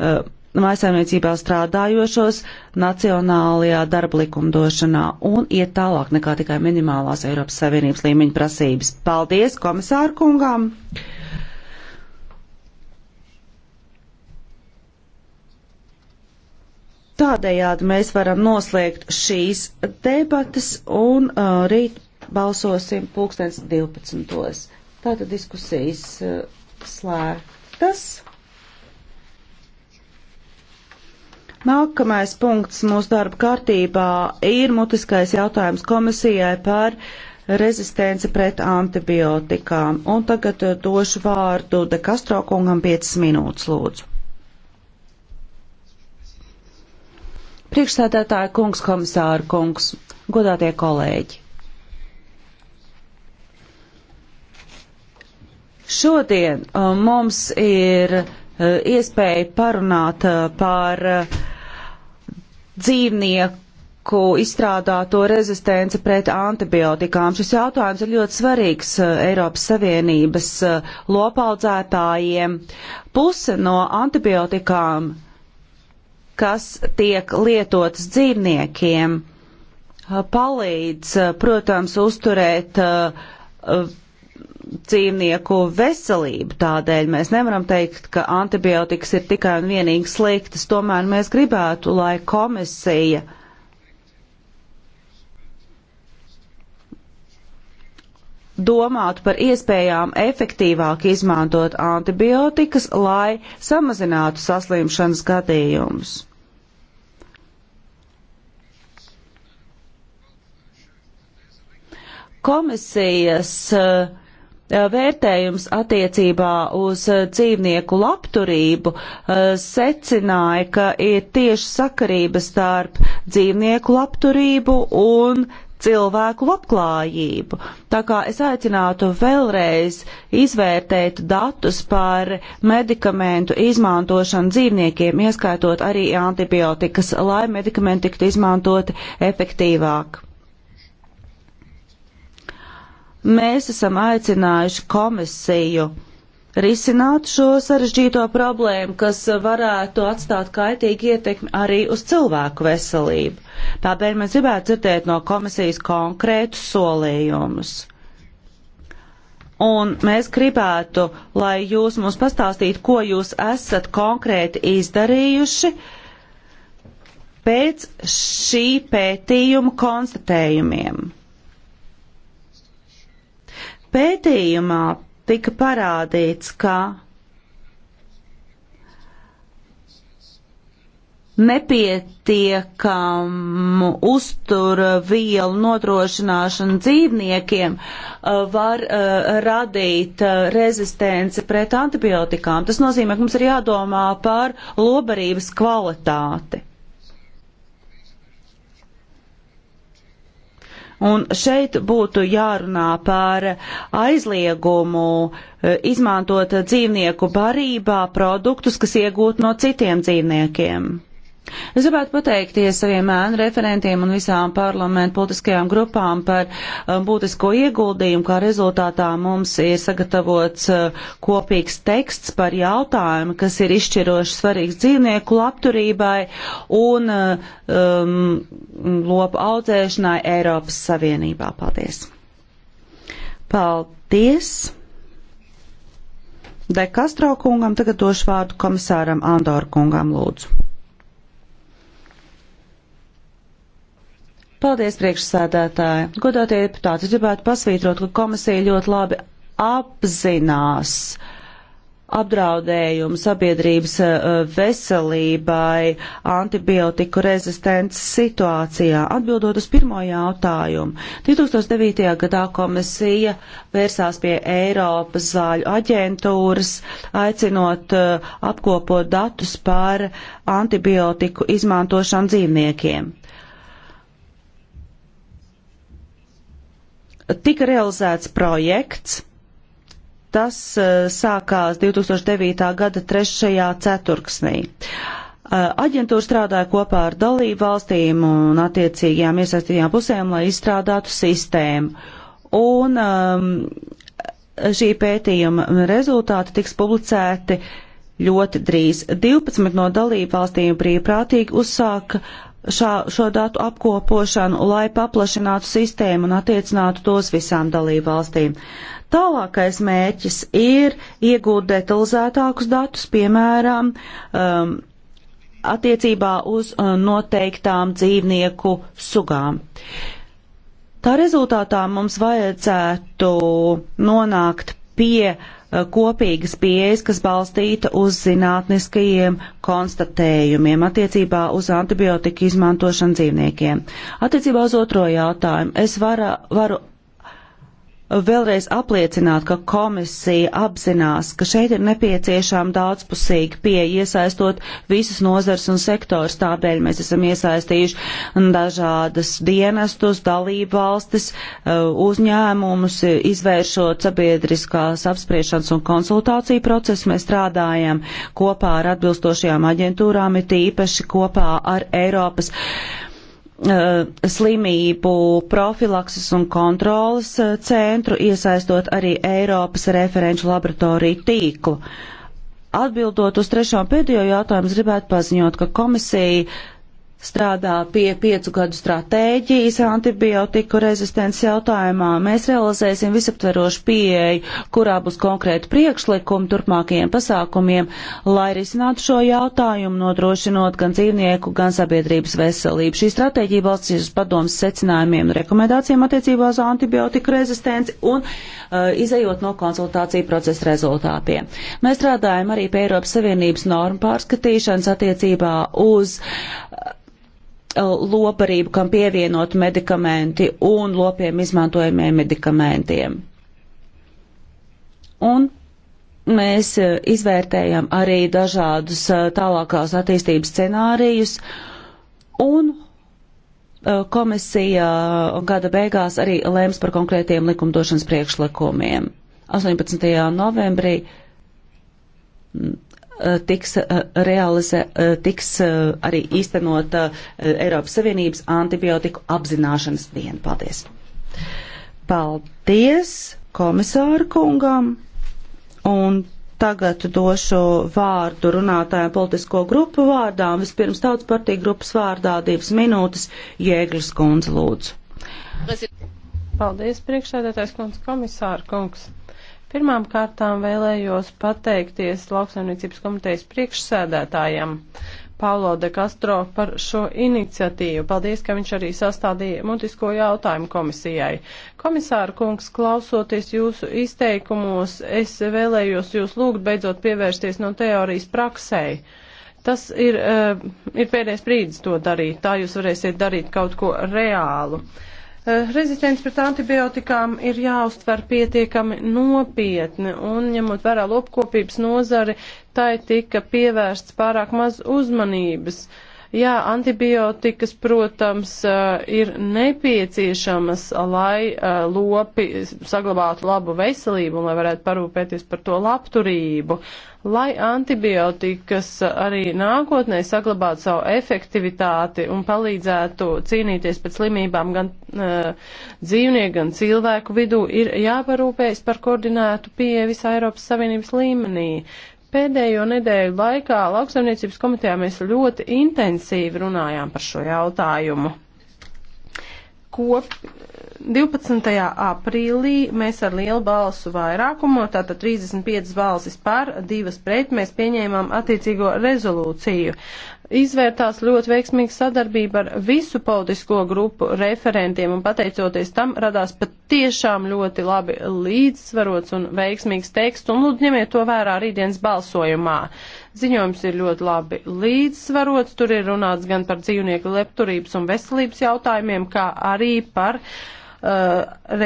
uh, mājasēmniecībā strādājošos nacionālajā darba likumdošanā un iet tālāk nekā tikai minimālās Eiropas Savienības līmeņa prasības. Paldies komisāru kungām! Tādējādi mēs varam noslēgt šīs debatas un uh, rīt balsosim pulkstens 12. Tātad diskusijas uh, slēgtas. Nākamais punkts mūsu darba kārtībā ir mutiskais jautājums komisijai par rezistenci pret antibiotikām. Un tagad eh, došu vārdu De Castro kungam 5 minūtes lūdzu. Priekšsēdētāja kungs, komisāra kungs, godātie kolēģi. Šodien eh, mums ir eh, iespēja parunāt par uh, dzīvnieku izstrādāto rezistenci pret antibiotikām. Šis jautājums ir ļoti svarīgs uh, Eiropas Savienības uh, lopaudzētājiem. Puse no antibiotikām, kas tiek lietotas dzīvniekiem, palīdz, uh, protams, uzturēt uh, dzīvnieku veselību. Tādēļ mēs nevaram teikt, ka antibiotikas ir tikai un vienīgi sliktas. Tomēr mēs gribētu, lai komisija domātu par iespējām efektīvāk izmantot antibiotikas, lai samazinātu saslimšanas gadījumus. Komisijas uh, Eh, vērtējums attiecībā uz eh, dzīvnieku labturību eh, secināja, ka ir tieši sakarība starp dzīvnieku labturību un cilvēku labklājību. Tā kā es aicinātu vēlreiz izvērtēt datus par medikamentu izmantošanu dzīvniekiem, ieskaitot arī antibiotikas, lai medikamenti tiktu izmantoti efektīvāk. Mēs esam aicinājuši komisiju risināt šo sarežģīto problēmu, kas varētu atstāt kaitīgi ietekmi arī uz cilvēku veselību. Tādēļ mēs gribētu dzirdēt no komisijas konkrētus solījumus. Un mēs gribētu, lai jūs mums pastāstītu, ko jūs esat konkrēti izdarījuši pēc šī pētījuma konstatējumiem. Pētījumā tika parādīts, ka nepietiekamu uzturvielu nodrošināšanu dzīvniekiem uh, var uh, radīt uh, rezistenci pret antibiotikām. Tas nozīmē, ka mums ir jādomā par lobarības kvalitāti. Un šeit būtu jārunā par aizliegumu e, izmantot dzīvnieku barībā produktus, kas iegūt no citiem dzīvniekiem. Es gribētu pateikties saviem ēnu referentiem un visām parlamentu politiskajām grupām par um, būtisko ieguldījumu, kā rezultātā mums ir sagatavots uh, kopīgs teksts par jautājumu, kas ir izšķiroši svarīgs dzīvnieku labturībai un uh, um, lopu audzēšanai Eiropas Savienībā. Paldies! Paldies! De Kastro kungam tagad došu vārdu komisāram Andoru kungam lūdzu. Paldies, priekšsēdētāji. Godotie deputāti, gribētu pasvītrot, ka komisija ļoti labi apzinās apdraudējumu sabiedrības eh, veselībai antibiotiku rezistences situācijā. Atbildot uz pirmo jautājumu, 2009. gadā komisija vērsās pie Eiropas zāļu aģentūras, aicinot eh, apkopot datus par antibiotiku izmantošanu dzīvniekiem. tika realizēts projekts. Tas uh, sākās 2009. gada 3. ceturksnī. Uh, aģentūra strādāja kopā ar dalību valstīm un attiecīgajām iesaistītajām pusēm, lai izstrādātu sistēmu. Un um, šī pētījuma rezultāti tiks publicēti ļoti drīz. 12 no dalību valstīm brīvprātīgi uzsāka uh, šā, šo datu apkopošanu, lai paplašinātu sistēmu un attiecinātu tos visām dalībvalstīm. Tālākais mērķis ir iegūt detalizētākus datus, piemēram, um, attiecībā uz uh, noteiktām dzīvnieku sugām. Tā rezultātā mums vajadzētu nonākt pie uh, Eh, kopīgas pieejas, kas balstīta uz zinātniskajiem konstatējumiem attiecībā uz antibiotiku izmantošanu dzīvniekiem. Attiecībā uz otro jautājumu es varu, varu vēlreiz apliecināt, ka komisija apzinās, ka šeit ir nepieciešama daudzpusīga pieeja, iesaistot visas nozars un sektors. Tādēļ mēs esam iesaistījuši dažādas dienestus, dalību valstis, e, uzņēmumus, izvēršot sabiedriskās apspriešanas un konsultāciju procesu. Mēs strādājam kopā ar atbilstošajām aģentūrām, it īpaši kopā ar Eiropas Eh, slimību profilakses un kontrolas eh, centru, iesaistot arī Eiropas referenču laboratoriju tīklu. Atbildot uz trešo un pēdējo jautājumu, gribētu paziņot, ka komisija strādā pie piecu gadu stratēģijas antibiotiku rezistences jautājumā. Mēs realizēsim visaptverošu pieeju, kurā būs konkrēti priekšlikumi turpmākajiem pasākumiem, lai risinātu šo jautājumu, nodrošinot gan dzīvnieku, gan sabiedrības veselību. Šī stratēģija balstīs uz padomus secinājumiem un rekomendācijām attiecībā uz antibiotiku rezistenci un uh, izējot no konsultāciju procesa rezultātiem. Mēs strādājam arī pie Eiropas Savienības normu pārskatīšanas attiecībā uz uh, Uh, loparību, kam pievienot medikamenti un lopiem izmantojamiem medikamentiem. Un mēs uh, izvērtējam arī dažādus uh, tālākās attīstības scenārijus, un komisija gada beigās arī lēms par konkrētiem likumdošanas priekšlikumiem. 18. novembrī Eh, tiks, eh, realize, eh, tiks arī īstenota Eiropas Savienības antibiotiku apzināšanas diena. Paldies! Paldies komisāru kungam! Un tagad došu vārdu runātājiem politisko grupu vārdām. Vispirms tautas partija grupas vārdā divas minūtes Jēglis kundze lūdzu. Paldies, priekšsēdētājs kundze, komisāra kungs. Pirmām kārtām vēlējos pateikties lauksaimniecības komitejas priekšsēdētājam Paulo de Castro par šo iniciatīvu. Paldies, ka viņš arī sastādīja mutisko jautājumu komisijai. Komisāra kungs, klausoties jūsu izteikumos, es vēlējos jūs lūgt beidzot pievērsties no teorijas praksei. Tas ir, uh, ir pēdējais brīdis to darīt, tā jūs varēsiet darīt kaut ko reālu. Uh, Eh, rezistents pret antibiotikām ir jāuztver pietiekami nopietni, un ņemot vērā lopkopības nozari, tai tika pievērsts pārāk maz uzmanības. Uh, Jā, antibiotikas, protams, ir nepieciešamas, lai lopi saglabātu labu veselību un lai varētu parūpēties par to labturību. Lai antibiotikas arī nākotnē saglabātu savu efektivitāti un palīdzētu cīnīties pret slimībām gan uh, dzīvnieku, gan cilvēku vidū, ir jāparūpējas par koordinētu pieeja visā Eiropas Savienības līmenī. Pēdējo nedēļu laikā lauksaimniecības komitejā mēs ļoti intensīvi runājām par šo jautājumu. Kop 12. aprīlī mēs ar lielu balsu vairākumu, tātad 35 balsis par, divas pret, mēs pieņēmām attiecīgo rezolūciju izvērtās ļoti veiksmīga sadarbība ar visu politisko grupu referentiem, un pateicoties tam radās pat tiešām ļoti labi līdzsvarots un veiksmīgs teksts, un lūdzu ņemiet to vērā rītdienas balsojumā. Ziņojums ir ļoti labi līdzsvarots, tur ir runāts gan par dzīvnieku lepturības un veselības jautājumiem, kā arī par uh,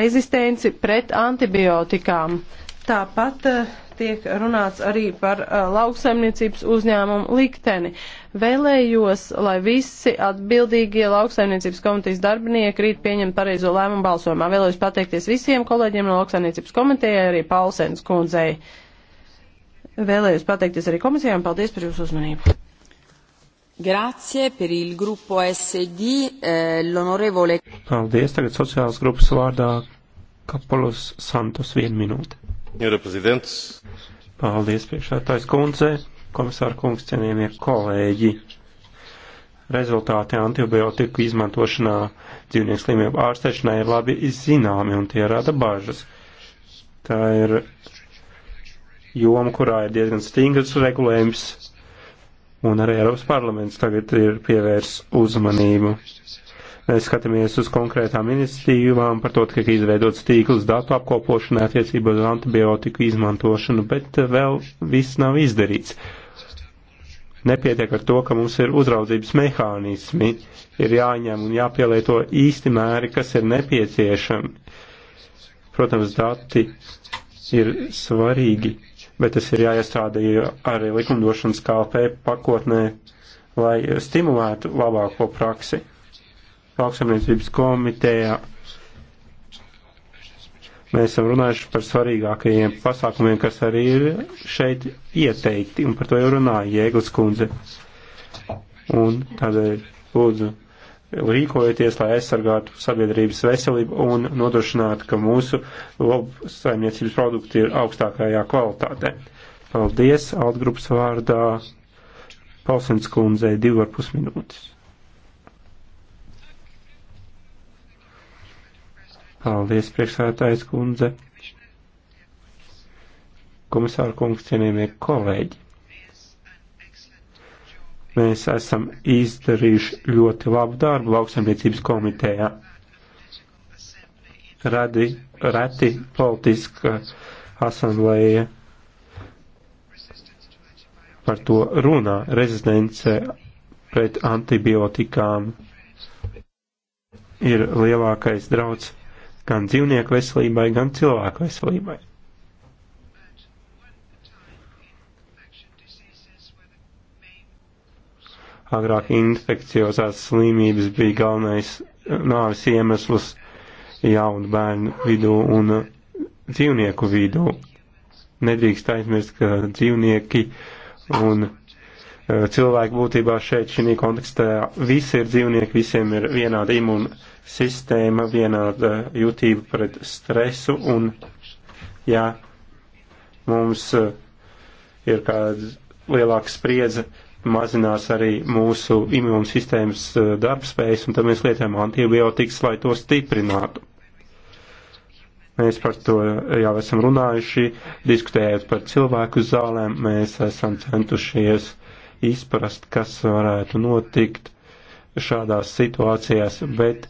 rezistenci pret antibiotikām. Tāpat uh, tiek runāts arī par uh, lauksaimniecības uzņēmumu likteni. Vēlējos, lai visi atbildīgie lauksaimniecības komitejas darbinieki rīt pieņem pareizo lēmumu balsojumā. Vēlējos pateikties visiem kolēģiem no lauksaimniecības komitejai, arī Paulsens kundzei. Vēlējos pateikties arī komisijām. Paldies par jūsu uzmanību. Grazie per il gruppo SD, eh, l'onorevole. Paldies, tagad sociālas grupas vārdā Kapolus Santos vienu minūti. Jūra prezidents. Paldies, priekšētājs kundze, komisāra kungs, cienījamie kolēģi. Rezultāti antibiotiku izmantošanā dzīvnieku slimību ārstēšanai ir labi zināmi un tie rada bažas. Tā ir joma, kurā ir diezgan stingrs regulējums, un arī Eiropas parlaments tagad ir pievērs uzmanību. Mēs skatāmies uz konkrētām iniciatīvām par to, ka izveidots tīkls datu apkopošanai attiecībā uz antibiotiku izmantošanu, bet eh, vēl viss nav izdarīts nepietiek ar to, ka mums ir uzraudzības mehānismi, ir jāņem un jāpielieto īsti mēri, kas ir nepieciešami. Protams, dati ir svarīgi, bet tas ir jāiestrādā arī likumdošanas KLP pakotnē, lai stimulētu labāko praksi lauksamniecības komitejā mēs esam runājuši par svarīgākajiem pasākumiem, kas arī ir šeit ieteikti, un par to jau runāja Jēglas kundze. Un tādēļ lūdzu rīkojieties, lai aizsargātu sabiedrības veselību un nodrošinātu, ka mūsu saimniecības produkti ir augstākajā kvalitātē. Paldies, Altgrupas vārdā, Pausens kundzei, divi ar pus minūtes. Paldies, priekšsētājs kundze. Komisāra kungs, cienījamie kolēģi. Mēs esam izdarījuši ļoti labu darbu lauksaimniecības komitejā. Radi, reti politiska asamblēja par to runā rezistence pret antibiotikām ir lielākais drauds gan dzīvnieku veselībai, gan cilvēku veselībai. Agrāk infekciozās slimības bija galvenais nāvis iemesls jaunu bērnu vidū un dzīvnieku vidū. Nedrīkst aizmirst, ka dzīvnieki un cilvēki būtībā šeit šī kontekstā visi ir dzīvnieki, visiem ir vienāda imuna sistēma, vienāda jūtība pret stresu un, jā, mums eh, ir kāda lielāka spriedze, mazinās arī mūsu imūnas sistēmas eh, darbspējas, un tad mēs lietojam antibiotikas, lai to stiprinātu. Mēs par to jau esam runājuši, diskutējot par cilvēku zālēm, mēs esam centušies uh, izprast, kas varētu notikt šādās situācijās, bet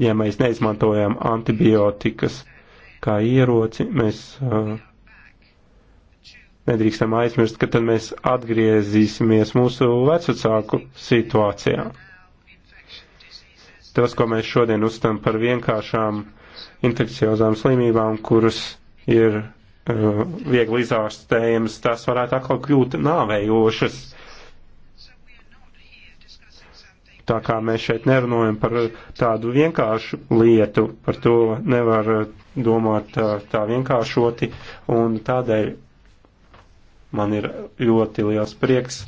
ja mēs neizmantojam antibiotikas kā ieroci, mēs uh, nedrīkstam aizmirst, ka tad mēs atgriezīsimies mūsu vecāku situācijā. Tas, ko mēs šodien uzstam par vienkāršām infekciozām slimībām, kuras ir Eh, viegli izārstējams, tas varētu atkal kļūt nāvējošas. Tā kā mēs šeit nerunājam par tādu vienkāršu lietu, par to nevar domāt tā, tā vienkāršoti, un tādēļ man ir ļoti liels prieks,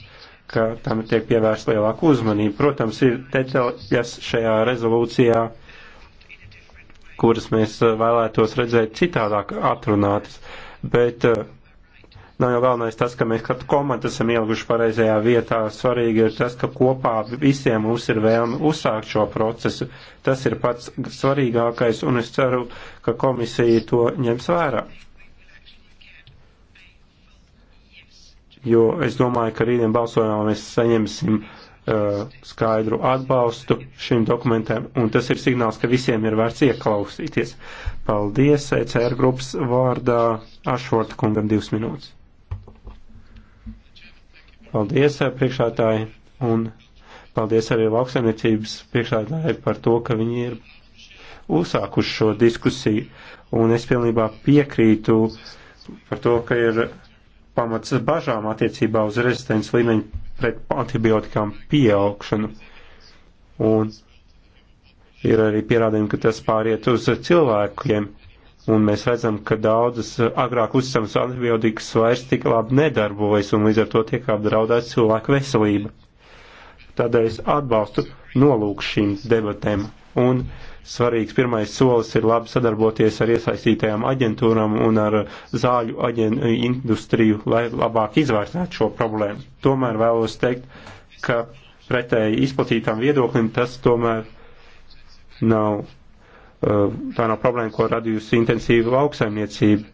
ka tam tiek pievērst lielāku uzmanību. Protams, ir detaļas šajā rezolūcijā, kuras mēs vēlētos redzēt citādāk atrunātas, bet eh, nav jau galvenais tas, ka mēs katru komandu esam ielguši pareizajā vietā. Svarīgi ir tas, ka kopā visiem mums ir vēlme uzsākt šo procesu. Tas ir pats svarīgākais, un es ceru, ka komisija to ņems vērā. Jo es domāju, ka rītdien balsojumā mēs saņemsim uh, skaidru atbalstu šim dokumentam, un tas ir signāls, ka visiem ir vērts ieklausīties. Paldies, ECR grupas vārdā. Ašvorta kungam divas minūtes. Paldies, eh, priekšētāji, un paldies arī lauksaimniecības priekšētāji par to, ka viņi ir uzsākuši šo diskusiju, un es pilnībā piekrītu par to, ka ir pamats bažām attiecībā uz rezistents līmeņu pret antibiotikām pieaugšanu. Un ir arī pierādījumi, ka tas pāriet uz cilvēkiem un mēs redzam, ka daudzas eh, agrāk uzticamas antibiotikas vairs tik labi nedarbojas, un līdz ar to tiek apdraudēta cilvēka veselība. Tādēļ es atbalstu nolūku šīm debatēm, un svarīgs pirmais solis ir labi sadarboties ar iesaistītajām aģentūram un ar zāļu aģen industriju, lai labāk izvērtētu šo problēmu. Tomēr vēlos teikt, ka pretēji izplatītām viedoklim tas tomēr nav Eh, tā nav problēma, ko radījusi intensīva lauksaimniecība.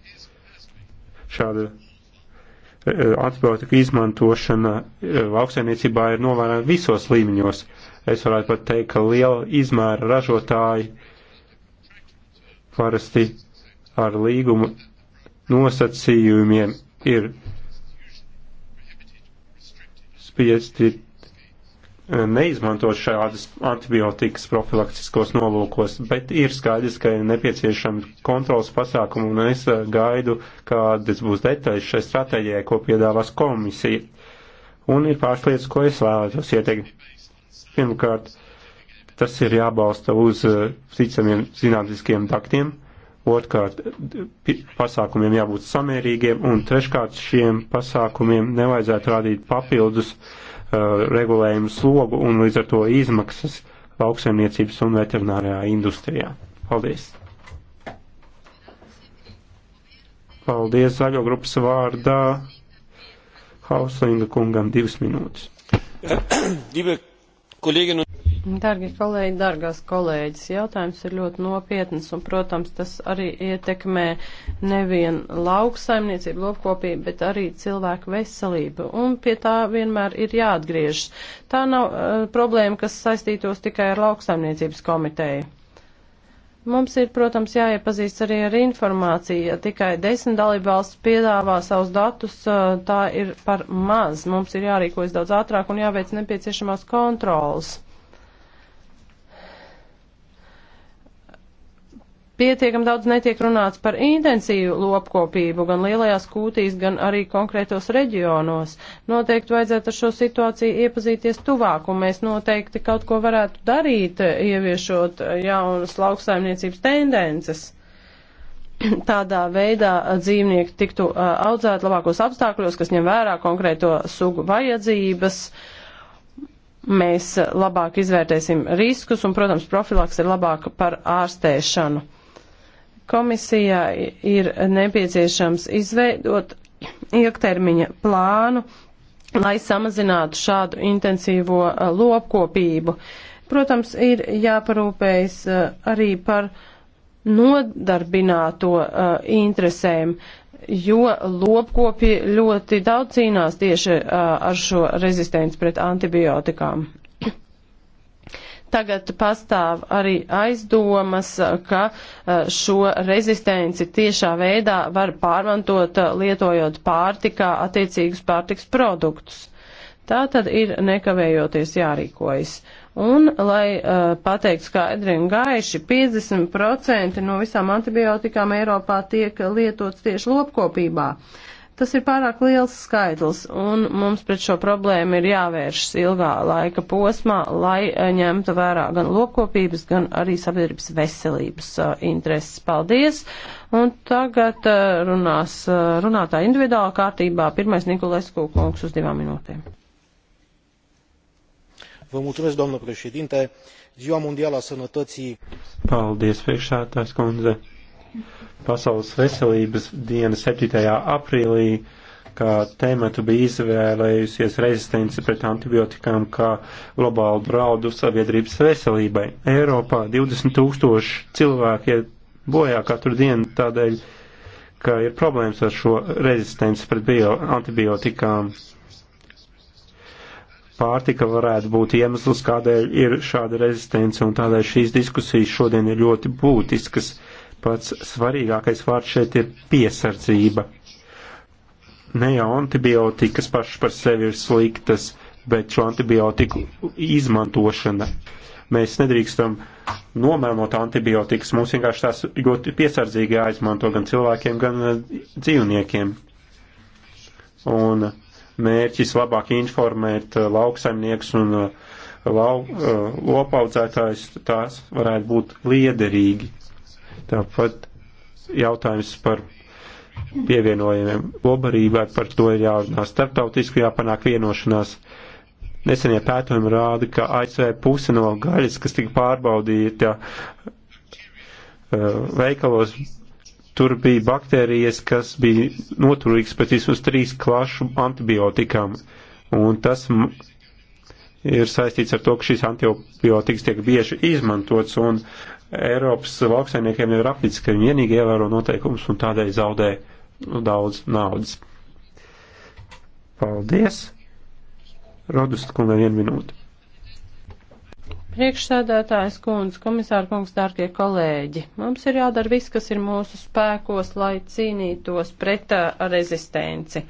Šāda eh, antibiotika izmantošana eh, lauksaimniecībā ir novērojama visos līmeņos. Es varētu pat teikt, ka liela izmēra ražotāji parasti ar līgumu nosacījumiem ir spiesti neizmanto šādas antibiotikas profilaktiskos nolūkos, bet ir skaidrs, ka ir nepieciešami kontrols pasākumi, un es eh, gaidu, kādas būs detaļas šai stratēģijai, ko piedāvās komisija. Un ir pāris lietas, ko es vēlētos ieteikt. Pirmkārt, tas ir jābalsta uz eh, ticamiem zinātniskiem taktiem, otrkārt, pasākumiem jābūt samērīgiem, un treškārt, šiem pasākumiem nevajadzētu rādīt papildus uh, Uh, regulējumu slogu un līdz ar to izmaksas lauksaimniecības un veterinārijā industrijā. Paldies! Paldies zaļo grupas vārdā Hauslinga kungam divas minūtes. Dargie kolēģi, dargās kolēģis, jautājums ir ļoti nopietnas un, protams, tas arī ietekmē nevien lauksaimniecību, lopkopību, bet arī cilvēku veselību. Un pie tā vienmēr ir jāatgriežas. Tā nav uh, problēma, kas saistītos tikai ar lauksaimniecības komiteju. Mums ir, protams, jāiepazīst arī ar informāciju. Ja tikai desmit dalībvalsts piedāvā savus datus, eh, tā ir par maz. Mums ir jārīkojas daudz ātrāk un jāveic nepieciešamās kontrolas. pietiekam daudz netiek runāts par intensīvu lopkopību gan lielajās kūtīs, gan arī konkrētos reģionos. Noteikti vajadzētu ar šo situāciju iepazīties tuvāk, un mēs noteikti kaut ko varētu darīt, ieviešot jaunas lauksaimniecības tendences. Tādā veidā dzīvnieki tiktu audzēt labākos apstākļos, kas ņem vērā konkrēto sugu vajadzības. Mēs labāk izvērtēsim riskus un, protams, profilaks ir labāka par ārstēšanu. Komisijā ir nepieciešams izveidot ilgtermiņa plānu, lai samazinātu šādu intensīvo eh, lopkopību. Protams, ir jāparūpējas eh, arī par nodarbināto eh, interesēm, jo lopkopi ļoti daudz cīnās tieši ar šo rezistenci pret antibiotikām. Tagad pastāv arī aizdomas, ka šo rezistenci tiešā veidā var pārmantot, lietojot pārtikā attiecīgus pārtiks produktus. Tā tad ir nekavējoties jārīkojas. Un, lai uh, pateikt skaidri un gaiši, 50% no visām antibiotikām Eiropā tiek lietots tieši lopkopībā. Uh, Tas ir pārāk liels skaidrs, un mums pret šo problēmu ir jāvēršas ilgā laika posmā, lai eh, ņemtu vērā gan lopkopības, gan arī sabiedrības veselības eh, intereses. Paldies! Un tagad eh, runās runātā individuāla kārtībā. Pirmais Nikolais Kūkungs uz divām minūtēm. Vă mulțumesc, doamnă președinte. Ziua Mondială a Sănătății. Paldies, priekšsētājs kundze. Pasaules veselības diena 7. aprīlī, kā tēmatu bija izvēlējusies rezistence pret antibiotikām kā globālu draudu sabiedrības veselībai. Eiropā 20 tūkstoši cilvēki iet bojā katru dienu tādēļ, ka ir problēmas ar šo rezistenci pret bio, antibiotikām. Pārtika varētu būt iemesls, kādēļ ir šāda rezistence, un tādēļ šīs diskusijas šodien ir ļoti būtiskas. Uh, Pats svarīgākais vārds šeit ir piesardzība. Ne jau antibiotikas pašas par sevi ir sliktas, bet šo antibiotiku izmantošana. Mēs nedrīkstam nomēnot antibiotikas, mums vienkārši tās ļoti piesardzīgi jāizmanto gan cilvēkiem, gan eh, dzīvniekiem. Un mērķis labāk informēt eh, lauksaimnieks un eh, lau, lopaudzētājs, tās varētu būt liederīgi. Tāpat jautājums par pievienojumiem obarībai, par to ir jārunā starptautiski, jāpanāk vienošanās. Nesenie pētījumi rāda, ka ASV puse no gaļas, kas tika pārbaudīta uh, veikalos, tur bija baktērijas, kas bija noturīgas pēc vismaz trīs klašu antibiotikām. Un tas ir saistīts ar to, ka šīs antibiotikas tiek bieži izmantots, un Eiropas lauksaimniekiem jau ir apnicis, ka viņi vienīgi ievēro noteikumus un tādēļ zaudē nu, daudz naudas. Paldies! Rodust kungam vienu minūti. Priekšsēdētājs kundze, komisāra kungs, dārgie kolēģi, mums ir jādara viss, kas ir mūsu spēkos, lai cīnītos pret rezistenci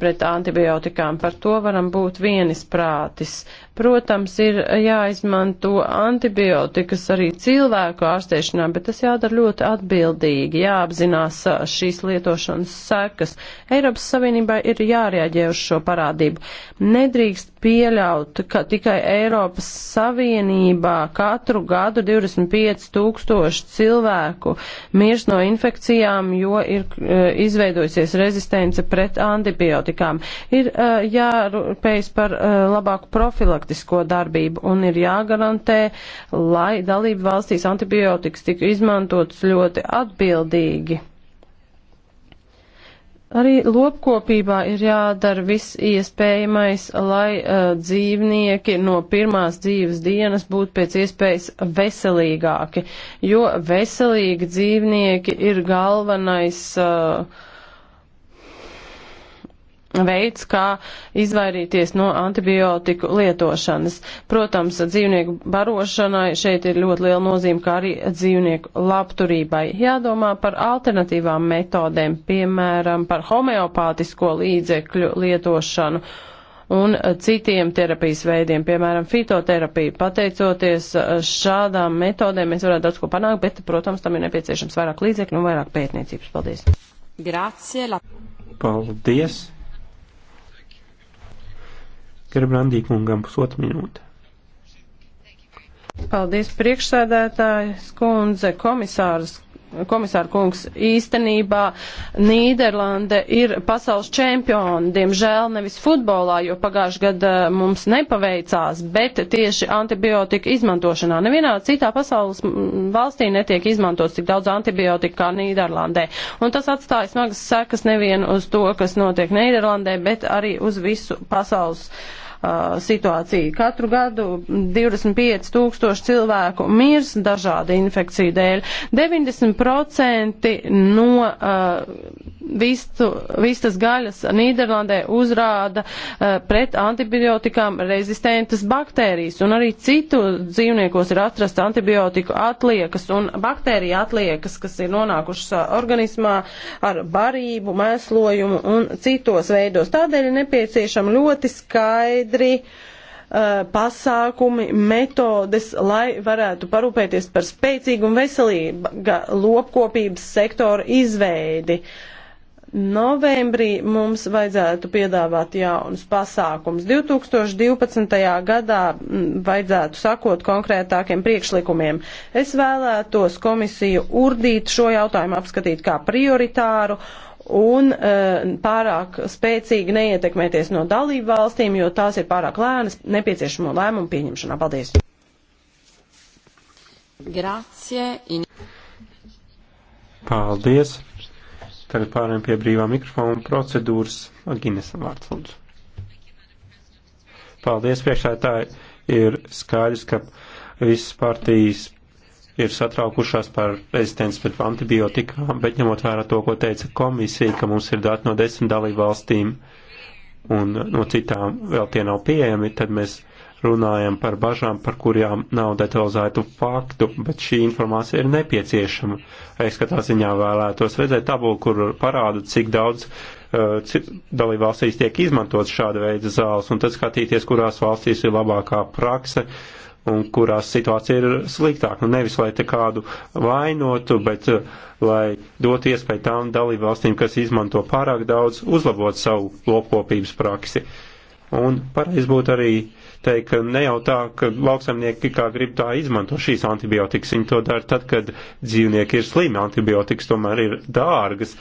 pret antibiotikām. Par to varam būt vienisprātis. Protams, ir jāizmanto antibiotikas arī cilvēku ārstēšanā, bet tas jādara ļoti atbildīgi, jāapzinās šīs lietošanas sekas. Eiropas Savienībai ir jārēģē uz šo parādību. Nedrīkst pieļaut, ka tikai Eiropas Savienībā katru gadu 25 tūkstoši cilvēku mirst no infekcijām, jo ir e, izveidojusies rezistence pret antibiotikām. Ir e, jārūpējas par e, labāku profilu profilaktisko darbību un ir jāgarantē, lai dalību valstīs antibiotikas tika izmantotas ļoti atbildīgi. Arī lopkopībā ir jādara viss iespējamais, lai uh, dzīvnieki no pirmās dzīves dienas būtu pēc iespējas veselīgāki, jo veselīgi dzīvnieki ir galvenais uh, veids, kā izvairīties no antibiotiku lietošanas. Protams, dzīvnieku barošanai šeit ir ļoti liela nozīme, kā arī dzīvnieku labturībai. Jādomā par alternatīvām metodēm, piemēram, par homeopātisko līdzekļu lietošanu un citiem terapijas veidiem, piemēram, fitoterapiju. Pateicoties šādām metodēm, mēs varētu daudz ko panākt, bet, protams, tam ir nepieciešams vairāk līdzekļu un vairāk pētniecības. Paldies! Grazie! La... Paldies! Gerbrandī kungam pusotru minūti. Paldies priekšsēdētāji, skundze, komisārs komisāra kungs, īstenībā Nīderlande ir pasaules čempioni, diemžēl nevis futbolā, jo pagājuši gada eh, mums nepaveicās, bet tieši antibiotika izmantošanā. Nevienā citā pasaules valstī netiek izmantots tik daudz antibiotika kā Nīderlandē. Un tas atstāja smagas sekas nevien uz to, kas notiek Nīderlandē, bet arī uz visu pasaules uh, Uh, situācija. Katru gadu 25 tūkstoši cilvēku mirs dažādu infekciju dēļ. 90% no uh, vistu, vistas gaļas Nīderlandē uzrāda uh, pret antibiotikām rezistentas baktērijas, un arī citu dzīvniekos ir atrasts antibiotiku atliekas un baktērija atliekas, kas ir nonākušas uh, organismā ar barību, mēslojumu un citos veidos. Tādēļ ir nepieciešama ļoti skaidra skaidri eh, pasākumi, metodes, lai varētu parūpēties par spēcīgu un veselību lopkopības sektoru izveidi. Novembrī mums vajadzētu piedāvāt jaunus pasākums. 2012. gadā vajadzētu sakot konkrētākiem priekšlikumiem. Es vēlētos komisiju urdīt šo jautājumu apskatīt kā prioritāru un uh, pārāk spēcīgi neietekmēties no dalību valstīm, jo tās ir pārāk lēnas nepieciešamo lēmumu pieņemšanā. Paldies! Grazie. In... Paldies! Tagad pārējām pie brīvā mikrofona procedūras. Aginesam vārds lūdzu. Paldies priekšētāji! Ir skaidrs, ka visas partijas ir satraukušās par rezistenci pret antibiotikām, bet ņemot vērā to, ko teica komisija, ka mums ir dati no desmit dalību valstīm un no citām vēl tie nav pieejami, tad mēs runājam par bažām, par kurām nav detalizētu faktu, bet šī informācija ir nepieciešama. Es katrā ziņā vēlētos redzēt tabulu, kur parāda, cik daudz uh, dalībvalstīs tiek izmantot šāda veida zāles, un tad skatīties, kurās valstīs ir labākā prakse, un kurās situācija ir sliktāka. Nu, nevis, lai te kādu vainotu, bet eh, lai dotu iespēju tām dalību valstīm, kas izmanto pārāk daudz, uzlabot savu lopkopības praksi. Un pareiz būtu arī teikt, ka ne jau tā, ka lauksaimnieki kā grib tā izmanto šīs antibiotikas. Viņi to dara tad, kad dzīvnieki ir slimi. Antibiotikas tomēr ir dārgas.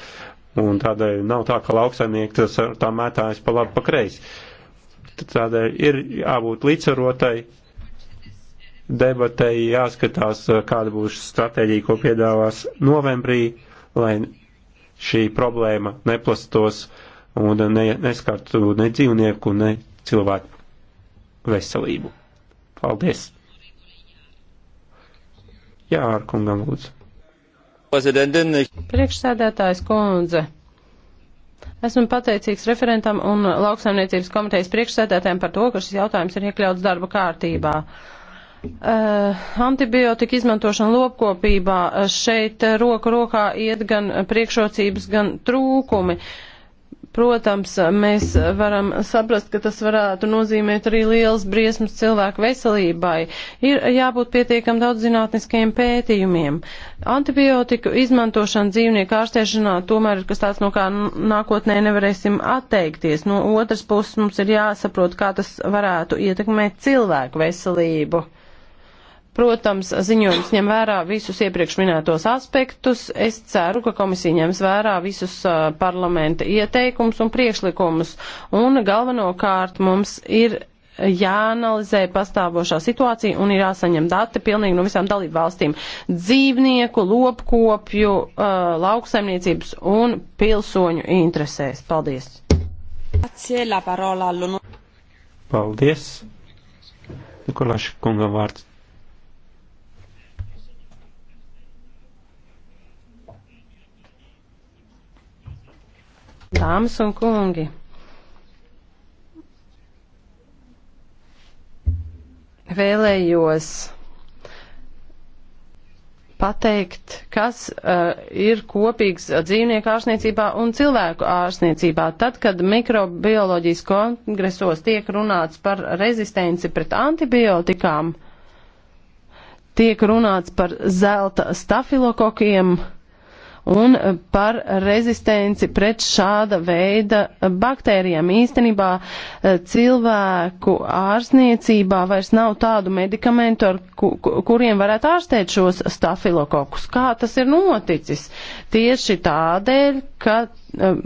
Un tādēļ nav tā, ka lauksaimnieki tas tā mētājas pa labi pa kreisi. Tādēļ ir jābūt līdzsvarotai debatei jāskatās, eh, kāda būs stratēģija, ko piedāvās novembrī, lai šī problēma neplastos un ne, neskartu ne dzīvnieku, ne cilvēku veselību. Paldies! Jā, ar kungam lūdzu. Priekšsēdētājs kundze. Esmu pateicīgs referentam un lauksaimniecības komitejas priekšsēdētājiem par to, ka šis jautājums ir iekļauts darba kārtībā. Uh, Uh, antibiotika izmantošana lopkopībā eh, šeit eh, roku rokā iet gan priekšrocības, gan trūkumi. Protams, mēs varam saprast, ka tas varētu nozīmēt arī liels briesmas cilvēku veselībai. Ir jābūt pietiekam daudz zinātniskajiem pētījumiem. Antibiotiku izmantošana dzīvnieku ārstēšanā tomēr ir kas tāds, no kā nākotnē nevarēsim atteikties. No otras puses mums ir jāsaprot, kā tas varētu ietekmēt cilvēku veselību. Protams, ziņojums ņem vērā visus iepriekš minētos aspektus. Es ceru, ka komisija ņems vērā visus uh, parlamenta ieteikumus un priekšlikumus. Un galvenokārt mums ir jāanalizē pastāvošā situācija un ir jāsaņem dati pilnīgi no visām dalību valstīm - dzīvnieku, lopkopju, uh, lauksaimniecības un pilsoņu interesēs. Paldies! Paldies! Nikolāša kunga vārds. Dāmas un kungi, vēlējos pateikt, kas uh, ir kopīgs dzīvnieku ārsniecībā un cilvēku ārsniecībā. Tad, kad mikrobioloģijas kongresos tiek runāts par rezistenci pret antibiotikām, tiek runāts par zelta stafilokokiem, uh, un eh, par rezistenci pret šāda veida eh, baktērijām. Īstenībā eh, cilvēku ārsniecībā vairs nav tādu medikamentu, ar ku, kuriem varētu ārstēt šos stafilokokus. Kā tas ir noticis? Tieši tādēļ, ka Um,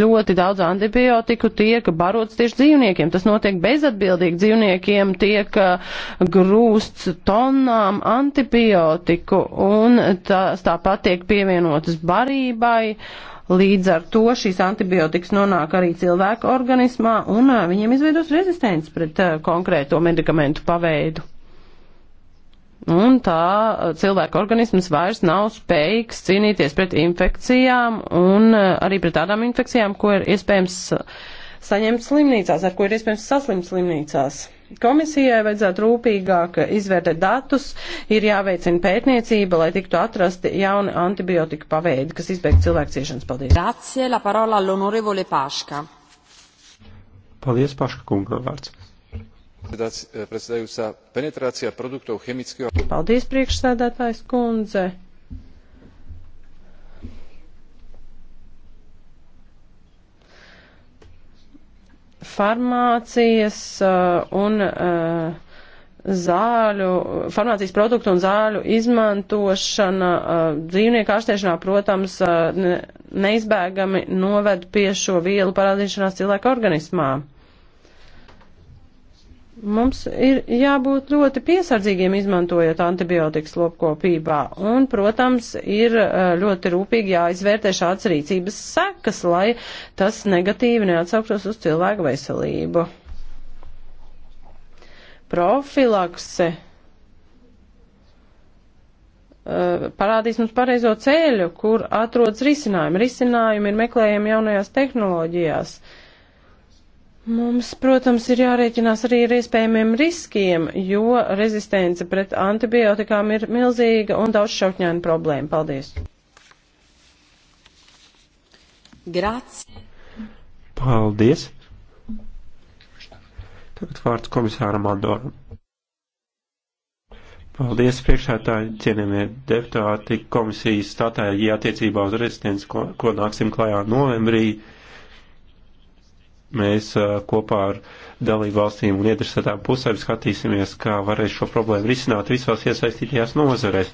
ļoti daudz antibiotiku tiek barots tieši dzīvniekiem. Tas notiek bezatbildīgi. Dzīvniekiem tiek uh, grūsts tonnām antibiotiku un tas tāpat tiek pievienotas barībai. Līdz ar to šīs antibiotikas nonāk arī cilvēku organismā un uh, viņiem izveidos rezistents pret uh, konkrēto medikamentu paveidu un tā uh, cilvēka organisms vairs nav spējīgs cīnīties pret infekcijām un uh, arī pret tādām infekcijām, ko ir iespējams uh, saņemt slimnīcās, ar ko ir iespējams saslimt slimnīcās. Komisijai vajadzētu rūpīgāk izvērtēt datus, ir jāveicina pētniecība, lai tiktu atrasti jauni antibiotika paveidi, kas izbeigtu cilvēku ciešanas. Paldies. Grazie, la parola all'onorevole Paška. Paldies, Paška kunga vārds. Eh, penetrácia produktov chemického. Paldies, priekšsēdētājs kundze. Farmācijas uh, un uh, zāļu, farmācijas produktu un zāļu izmantošana dzīvnieku ārstēšanā, protams, neizbēgami noved pie šo vielu parādīšanās cilvēka organismā. Mums ir jābūt ļoti piesardzīgiem izmantojot antibiotikas lopkopībā, un, protams, ir eh, ļoti rūpīgi jāizvērtē šāds rīcības sekas, lai tas negatīvi neatsauktos uz cilvēku veselību. Profilakse eh, parādīs mums pareizo ceļu, kur atrodas risinājumi. Risinājumi ir meklējami jaunajās tehnoloģijās. Uh, Mums, protams, ir jārēķinās arī ar iespējamiem riskiem, jo rezistence pret antibiotikām ir milzīga un daudz šautņēna problēma. Paldies! Grāci! Paldies! Tagad vārds komisāram Andoram. Paldies priekšētāji, cienījamie deputāti, komisijas statāji attiecībā uz rezistenci, ko, ko nāksim klajā novembrī mēs kopā ar dalību valstīm un iedresētām pusēm skatīsimies, kā varēs šo problēmu risināt visās iesaistītajās nozarēs.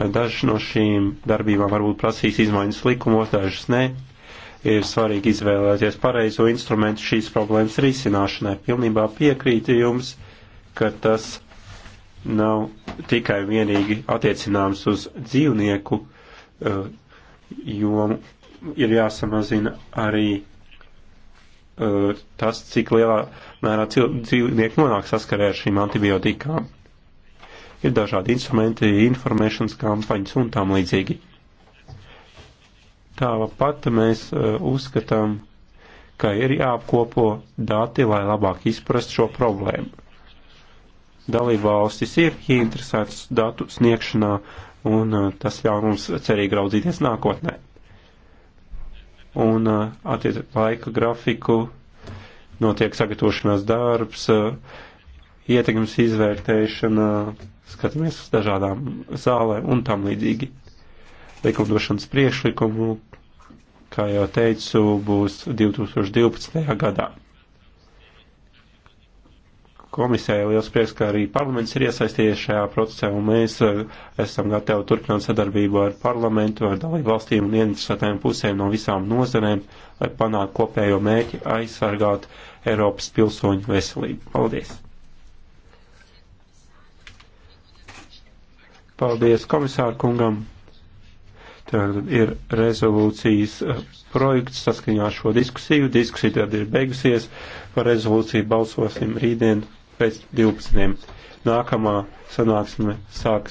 Dažas no šīm darbībām varbūt prasīs izmaiņas likumos, dažas nē. Ir svarīgi izvēlēties pareizo instrumentu šīs problēmas risināšanai. Pilnībā piekrītu jums, ka tas nav tikai vienīgi attiecināms uz dzīvnieku jomu. Ir jāsamazina arī Uh, tas, cik lielā mērā dzīvnieki nonāk saskarē ar šīm antibiotikām. Ir dažādi instrumenti, informēšanas kampaņas un tam līdzīgi. Tāpat mēs uh, uzskatām, ka ir jāapkopo dati, lai labāk izprastu šo problēmu. Dalībvalstis ir ieinteresētas datu sniegšanā, un uh, tas ļauj mums cerīgi raudzīties nākotnē un uh, attiec laika grafiku, notiek sagatavošanās darbs, uh, ietekmes izvērtēšana, skatāmies uz dažādām zālēm un tam līdzīgi. Likumdošanas priekšlikumu, kā jau teicu, būs 2012. gadā komisijai liels prieks, ka arī parlaments ir iesaistījies šajā procesā, un mēs eh, esam gatavi turpināt sadarbību ar parlamentu, ar dalību valstīm un ieinteresētām pusēm no visām nozarēm, lai panāktu kopējo mēķi aizsargāt Eiropas pilsoņu veselību. Paldies! Paldies komisāru kungam! Tad ir rezolūcijas eh, projekts saskaņā ar šo diskusiju. Diskusija tad ir beigusies. Par rezolūciju balsosim rītdien pēc 12. Nākamā sanāksme sāks.